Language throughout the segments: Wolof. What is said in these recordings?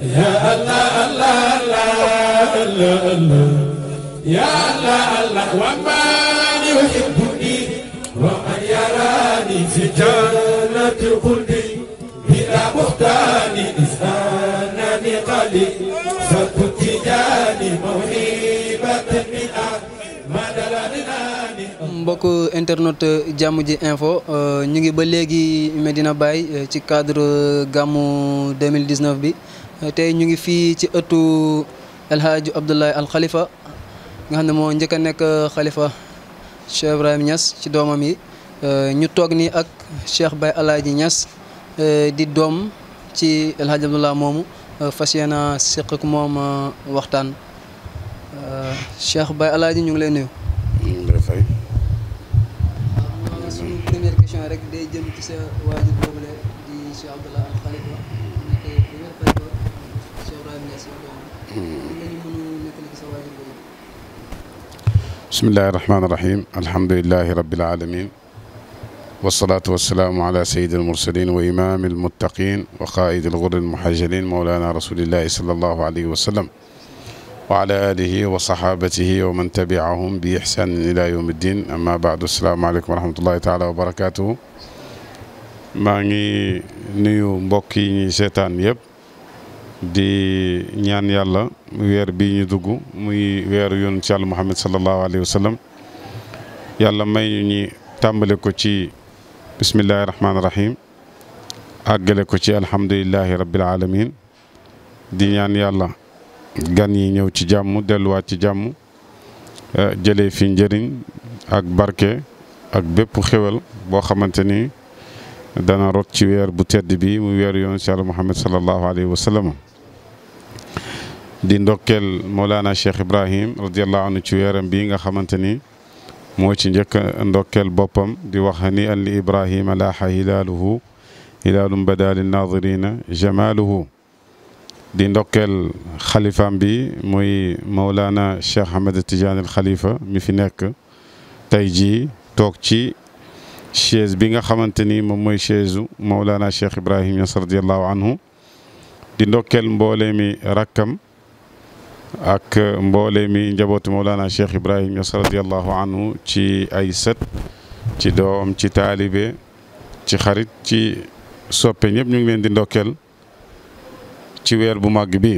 يا الله الله الله الله يا الله الله ومن يحبني ومن يراني في جنة الخلد بلا بهتان إذ أنني قليل فكنت جاني موهبة من mbokk internet jàmm ji info ñu ngi ba léegi Medina Baye ci cadre gàmmu 2019 bi tey ñu ngi fii ci ëttu El Hadj alxalifa nga xam ne moo njëkk a nekk xalifa Cheikh ñas ci doomam yi euh, ñu toog nii ak Cheikh Baye Alaaji ñas euh, di doom ci El Hadj Abdoulaye moomu euh, fas yéena seq ak moom waxtaan Cheikh Baye Alaaji ñu ngi lay nuyu. suñu Hmm. bismillahi rahmaani rahim alhamdulilahi rabbil alamin wasalaatu wasalaamu ala sayid almursalin wa imaami almuttaqin wa qaid algur almuhajalin mawlana rasulillahi sallallahu alayhi wa sallam wa ala alihi wa sahabatihi wa man tabiahum bi ihsanin ila yawmi ddin amma baadu asalaamu aleykum wa rahmatullahi taala wa barakatuhu maa ngi nuyu mbokk yi ñuy seetaan yëpp di ñaan yàlla weer bi ñu dugg muy weer yoon ci yàlla Muhammad sallallahu alayhi wa sallam yàlla may ñu ñi tàmbale ko ci bismillahi rahmaani rahim àggale ko ci alhamdulillahi rabbil alamin di ñaan yàlla gan yi ñëw ci jàmm delluwaat ci jàmm eh, jële fi njëriñ ak barke ak bépp xéwal boo xamante ni dana rot ci weer bu tedd bi mu weer yoon ci yàlla Muhammad sallallahu alayhi wa di ndokkeel Mawlana Cheikh Ibrahim radiallahu anhu ci weeram bii nga xamante ni moo ci njëkk ndokkeel boppam di wax hani an li Ibrahima laaxa hilaaluhu hilaalum badaali di ndokkeel xalifaam bi muy Mawlana Cheikh Ahmed Tidiane Khalifa mi fi nekk tey jii toog ci chaise bi nga xamante ni moom mooy chaise u Mawlana Cheikh Ibrahim Niass radiallahu anhu di ndokkeel mboole mi rakkam ak mboole mi njabootu Mawlana Cheikh Ibrahim Niass radiyallahu anhu ci ay set ci doom ci taalibe ci xarit ci soppe ñëpp ñu ngi leen di ndokkeel ci weer bu màgg bi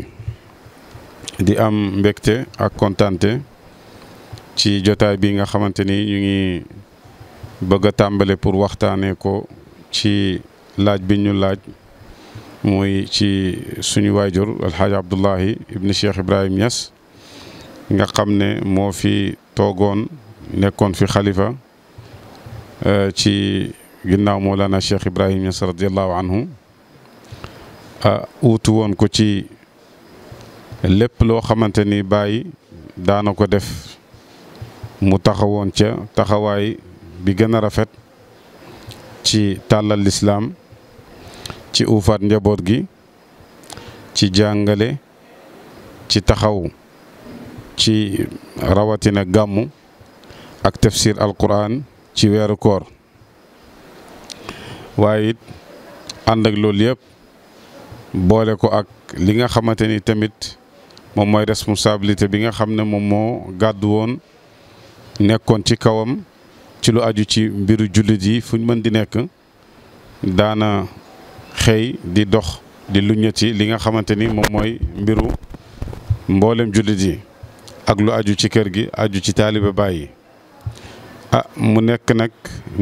di am mbégte ak kontante ci jotaay bi nga xamante ni ñu ngi bëgg a tàmbale pour waxtaanee ko ci laaj bi ñu laaj muy ci suñu waajur alxaaji abdullahi ibni cheikh ibrahim Niass nga xam ne moo fi toogoon nekkoon fi xalifa euh, ci ginnaaw moolana cheikh ibrahim Niass radiallahu anhu a uutu woon ko ci lépp loo xamante ni bàyyi daana ko def mu taxawoon ca taxawaay bi gën a rafet ci tàllal lislaam ci uufaat njaboot gi ci jàngale ci taxaw ci rawatina gàmmu ak tafsir alquran ci weeru koor waaye it ànd ak loolu yëpp boole ko ak li nga xamante ni tamit moom mooy responsabilité bi nga xam ne moom moo gàddu woon nekkoon ci kawam ci lu aju ci mbiru jullit yi fuñ mën di nekk daana xëy di dox di lu ñetti li nga xamante ni moom mooy mbiru mboolem jullit yi ak lu aju ci kër gi aju ci taalibe bàyyi ah mu nekk nag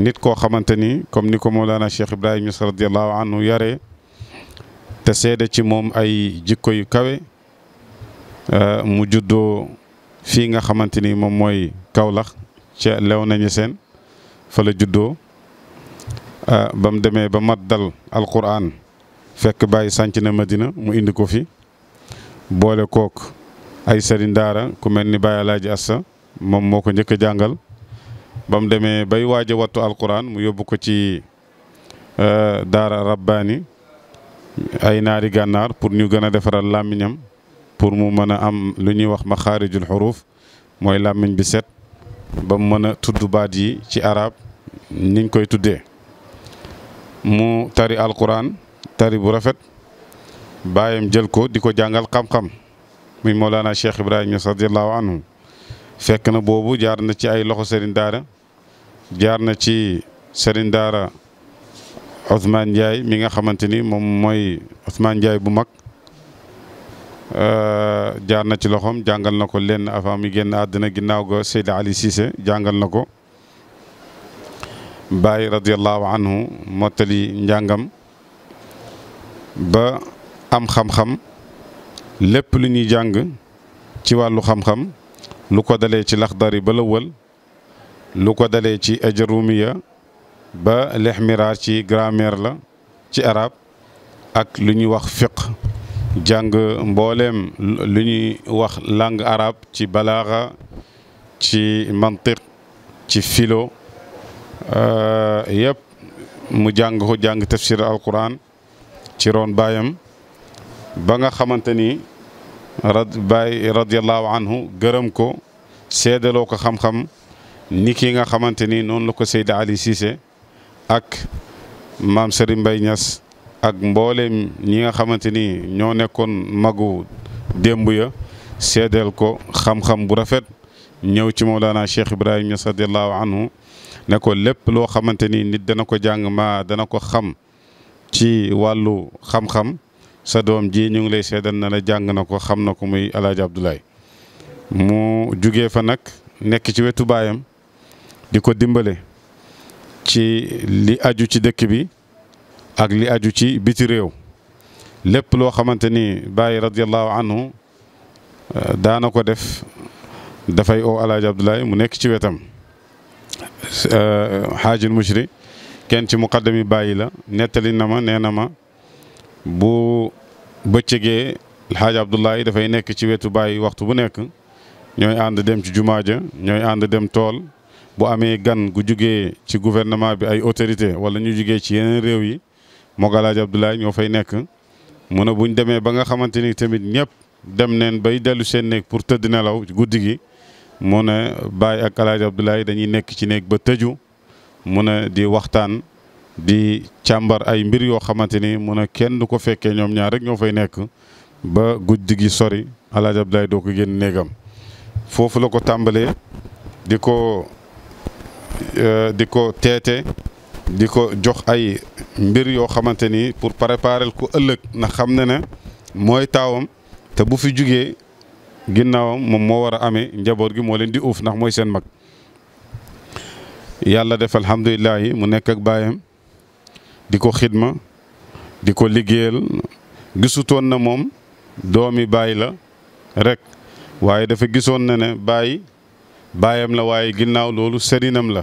nit koo xamante ni comme ni ko moo Mawlana Cheikh Ibrahima Niass radiyallahu anhu yare te seede ci moom ay jikko yu kawe ah, mu juddoo fi nga xamante ni moom mooy kawlax ca Léona Niassène fa la juddoo Ah, ba mu demee ba mat dal alquran fekk bàyyi sànc na madina mu indi ko fi boole kook ay sëriñ daara ku mel ni Baye Alaaji Assa moom moo ko njëkk a jàngal ba mu demee bay waaj a wattu alquran mu yóbbu ko ci eh, daara rabbaani ay naari gànnaar pour ñu gën a defaral làmmiñam pour mu mën a am lu ñuy wax ma maxaarijul xuruuf mooy làmmiñ bi set ba mu mën a tudd baat yi ci arab niñ koy tuddee mu tari alquran tari bu rafet baayam jël ko di ko jàngal xam-xam muy Mawlana Cheikh Ibrahima Niass radiyallahu anhu fekk na boobu jaar na ci ay loxo Serigne Daara jaar na ci Serigne Daara osmaan Ndiaye mi nga xamante ni moom mooy Ousmane Ndiaye bu mag euh, jaar na ci loxoom jàngal na ko lenn avant mi génn àddina ginnaaw ga Seydi Ali Cissé jàngal na ko. bàyyi radiallahu anhu mottali njàngam ba am xam-xam lépp lu ñuy jàng ci wàllu xam-xam lu ko dalee ci laxdari ba lëwal lu ko dalee ci ajarumiya ba lexmiraar ci grammaire la ci arab ak lu ñuy wax fiq jàng mbooleem lu ñuy wax langue arab ci balaaxa ci mantiq ci philo Euh, yëpp mu jàng ko jàng tafsir alquran ci roon baayam ba nga xamante ni rad baay radiyallahu anhu gërëm ko seedaloo ko xam-xam ni ki nga xamante ni noonu la ko Seydi Ali Cissé ak maam Serigne Mbaye Niass ak mbooleem ñi nga xamante ni ñoo nekkoon magu démb ya seedeel ko xam-xam bu rafet ñëw ci Mawlana Cheikh Ibrahim Niass radiyallahu anhu ne ko lépp loo xamante ni nit dana ko jàng ma dana ko xam ci wàllu xam-xam sa doom ji ñu ngi lay seedal na la jàng na ko xam na ko muy El Hadj mu jóge fa nag nekk ci wetu baayam di ko dimbale ci li aju ci dëkk bi ak li aju ci biti réew lépp loo xamante ni Baye radiyallahu anhu eh, daana ko def dafay oo alaaji Abdoulaye mu nekk ci wetam xaajil euh, mushri kenn ci muqaddam yi bàyyi la nettali na ma nee na ma bu bëccëgee alxaaji Abdoulaye dafay nekk ci wetu bàyyi waxtu bu nekk ñooy ànd dem ci jumaa ja ñooy ànd dem tool bu amee gan gu jugee ci gouvernement bi ay autorité wala ñu jugee ci yeneen réew yi moog alaaji Abdoulaye ñoo fay nekk mu ne buñ demee ba nga xamante ni tamit ñëpp dem neen bay dellu seen néeg pour tëdd nelaw guddi gi mu ne Baye ak El Hadj dañuy nekk ci néeg ba tëju mu ne di waxtaan di càmbar ay mbir yoo xamante ni mu ne kenn du ko fekkee ñoom ñaar rek ñoo fay nekk ba guddi gi sori El Hadj Abdoulaye doo ko génn néegam foofu la ko tàmbalee di ko e, di ko teete di ko jox ay mbir yoo xamante ni pour préparer ko ëllëg na xam ne ne mooy taawam te bu fi jógee ginnaawam moom moo war a amee njaboot gi moo leen di uuf ndax mooy seen mag yàlla def alhamdulilah mu nekk ak baayam di ko xidma di ko liggéeyal gisutoon na moom doomi baay la rekk waaye dafa gisoon na ne baay baayam la waaye ginnaaw loolu sëriñam la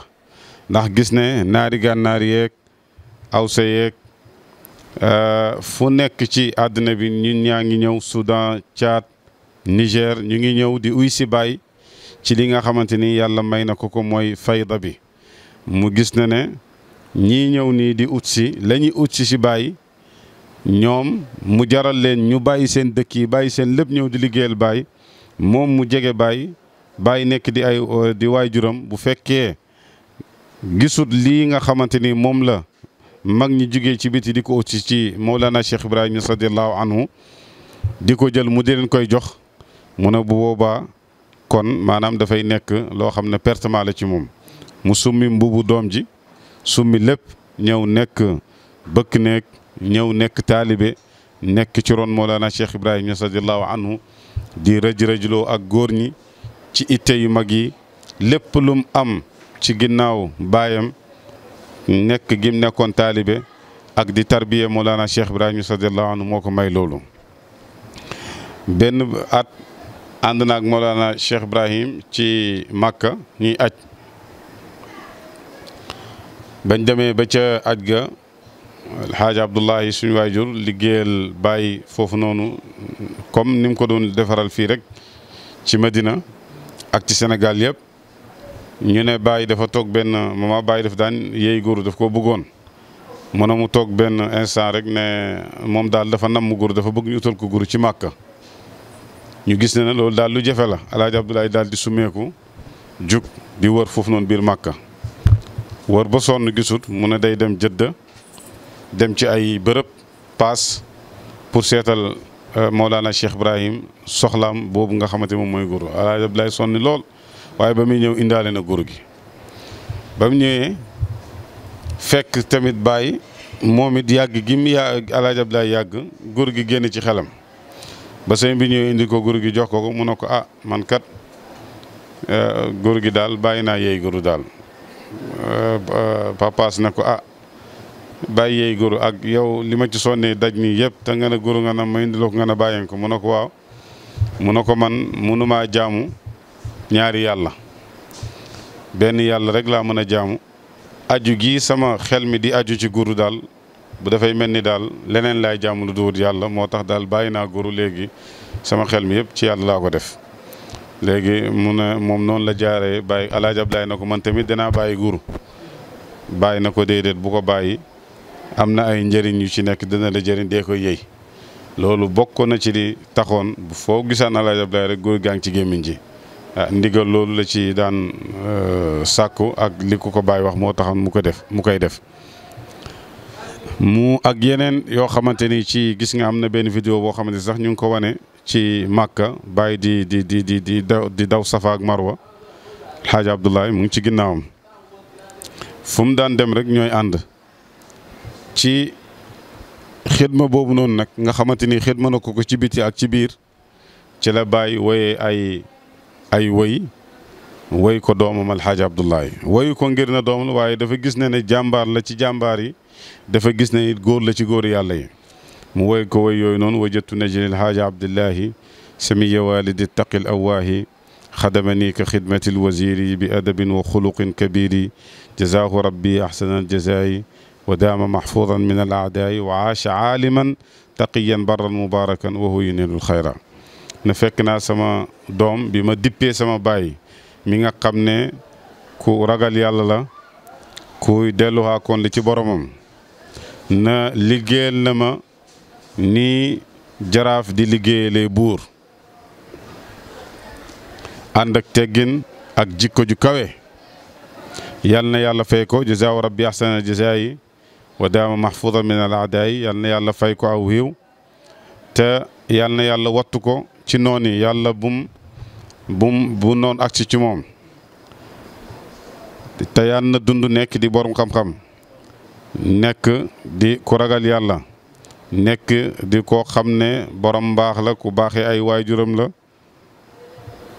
ndax gis ne naari gànnaar yeeg awsa yeeg euh, fu nekk ci àddina bi ñun ñaa ngi ñëw Soudan caat Niger ñu ngi ñëw di uy si baay ci li nga xamante ni yàlla may na ko ko mooy fayda bi mu gis na ne ñii ñëw nii di ut si lañuy ut si si baay ñoom mu jaral leen ñu bàyyi seen dëkk yi bàyyi seen lépp ñëw di liggéeyal baay moom mu jege baay baay nekk di ay di waajuram bu fekkee gisut lii nga xamante ni moom la mag ñi jugee ci biti di ko ut si ci Mawlana Cheikh Ibrahima radiyallahu anhu di ko jël mu di leen koy jox mu ne bu boobaa kon maanaam dafay nekk loo xam ne pertement la ci moom mu summi mbubu doom ji summi lépp ñëw nekk bëkk néeg ñëw nekk taalibe nekk ci ron Mawlana Cheikh Ibrahima Niass radiallahu anhu di rëj-rëjloo ak góor ñi ci itte yu mag yi lépp lum am ci ginnaaw baayam nekk gim nekkoon taalibe ak di tarbiye Mawlana Cheikh Ibrahima Niass radiallahu anhu moo ko may loolu benn at ànd naag Mawlana Cheikh Ibrahim ci Màkka ñuy aj bañ demee ba ca aj ga alxaaji Abdullahi suñu waajur liggéeyal bàyyi foofu noonu comme ni mu ko doon defaral fii rek ci Madina ak ci senegal yëpp ñu ne bàyyi dafa toog benn mama bàyyi daf daan yeey góor daf koo bëggoon mu ne mu toog benn instant rek ne moom daal dafa namm góor dafa bëgg ñu utal ko góor ci Màkka ñu gis ne ne loolu daal lu jafe la alaaji Abdoulaye daal di summeeku jug di wër foofu noonu biir Màkka wër ba sonn gisut mu ne day dem jëdda dem ci ay bërëb paas pour seetal moo euh, Mawlana Cheikh Ibrahim soxlaam boobu nga xamante moom mooy guru alaaji Abdoulaye sonni lool waaye ba muy ñëw indaale na guru gi ba mu ñëwee fekk tamit bàyyi moom it yàgg gi mu yàgg alaaji yàgg góor gi génn ci xelam ba sëñ bi ñëw indi ko guru gi jox ko ko mu ne ko a ah, man kat eh, góor gi daal bàyyi naa yeey góoru daal eh, papaas ne ko ah bàyyi yeey góoru ak yow li ma ci sonnee daj nii yëpp te nga ne góoru nga ne ma indiloo ko nga ne bàyyeen ko mu ne ko waaw mu ne ko man mënumaa jaamu ñaari yàlla benn yàlla rek laa mën a jaamu aju gi sama xel mi di aju ci góoru daal bu dafay mel ni daal leneen laay jaamu lu duwut yàlla moo tax daal bàyyi naa góoru léegi sama xel mi yëpp ci yàlla laa ko def léegi mu ne moom noonu la jaaree bàyyi alaaj na ko man tamit danaa bàyyi guru bàyyi na ko déedéet bu ko bàyyi am na ay njëriñ yu ci nekk dina la jëriñ dee koy yëy loolu bokk na ci di taxoon foo gisaan alaaj Ablaay rek góor gaa ci gémmiñ ji ah ndigal loolu la ci daan euh, sàkku ak li ku ko bàyyi wax moo taxoon mu ko def mu koy def mu ak yeneen yoo xamante ni ci gis nga am na benn vidéo boo xamante sax ñu ngi ko wane ci Màkka bàyyi di di di di di daw di daw Safa ak Marwa Alxaaji Abdoulaye mu ngi ci ginnaawam fu mu daan dem rek ñooy ànd ci xidma boobu noonu nag nga xamante ni xidma na ko ko ci biti ak ci biir ci la bàyyi woyee ay ay woy woy ko doomam Alxaaji Abdoulaye woyu ko ngir na doomam waaye dafa gis ne ne jàmbaar la ci jàmbaar yi dafa gis ne it góor la ci góor yàlla yi mu woy ko woy yooyu noonu wajatu najlil haaja abdillahi samiya walidi taqil awaahi xadamani ka xidmatil wasiri bi adabin wa xuluqin kabiri jazaahu rabbi ahsana aljazaayi wa daama mahfuudan min al aadaayi wa aasha aaliman taqiyan barran mubaarakan wa huwa yunilul xayra ne fekk naa sama doom bi ma dippee sama baay mi nga xam ne ku ragal yàlla la kuy delluwaa koon li ci boromam na liggéeyal na ma ni jaraaf di liggéeyalee buur ànd ak teggin ak jikko ju kawe yal na yàlla fay ko jazaahu rabbi ahsana jazaayi wa daama mahfuudan min al yal na yàlla fay ko aw xiiw te yal na yàlla wattu ko ci noon yi yàlla bum bu noon agsi ci moom te yal na dund nekk di borom xam-xam nekk di ku ragal yàlla nekk di koo xam ne borom mbaax la ku baaxe ay waajuram la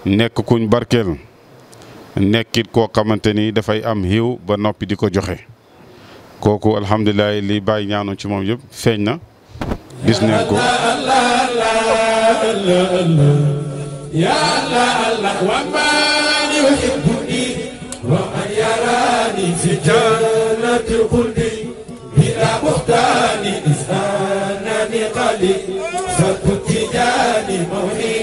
nekk kuñ barkeel nekkit koo xamante ni dafay am xiw ba noppi di ko joxe kooku alhamdulilah li bàyyi ñaanu ci moom yépp feeñ na gis neen ko لي فكنت جاني موهي